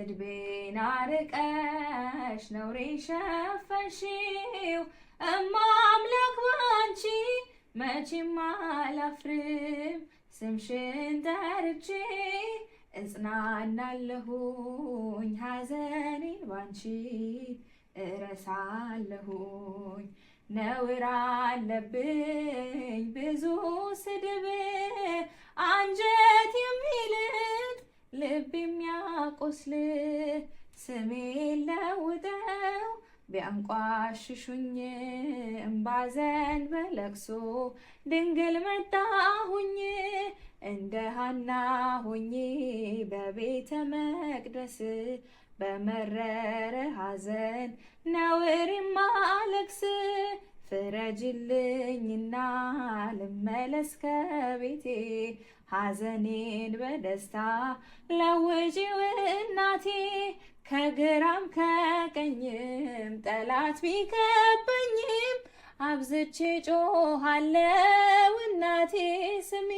ስድቤን አርቀሽ ነውሬ ሸፈንሽው እማ አምላክ ባንቺ መቼም አላፍርም ስምሽን ጠርቼ እጽናናለሁኝ ሐዘኔን ባንቺ እረሳለሁኝ ነውር አለብኝ ብዙ ስድብ አንጀት የሚልጥ ልብ የሚያ ቁስል ስሜ ለውጠው ቢያንቋሽሹኝ እምባዘን በለቅሶ ድንግል መጣሁኝ እንደ ሃና ሆኜ በቤተ መቅደስ በመረረ ሐዘን ነውር ማለቅስ ፍረጅልኝና ልመለስ ከቤቴ ሐዘኔን በደስታ ለውጪው እናቴ ከግራም ከቀኝም ጠላት ቢከበኝም አብዝቼ ጮሃለው እናቴ ስሚ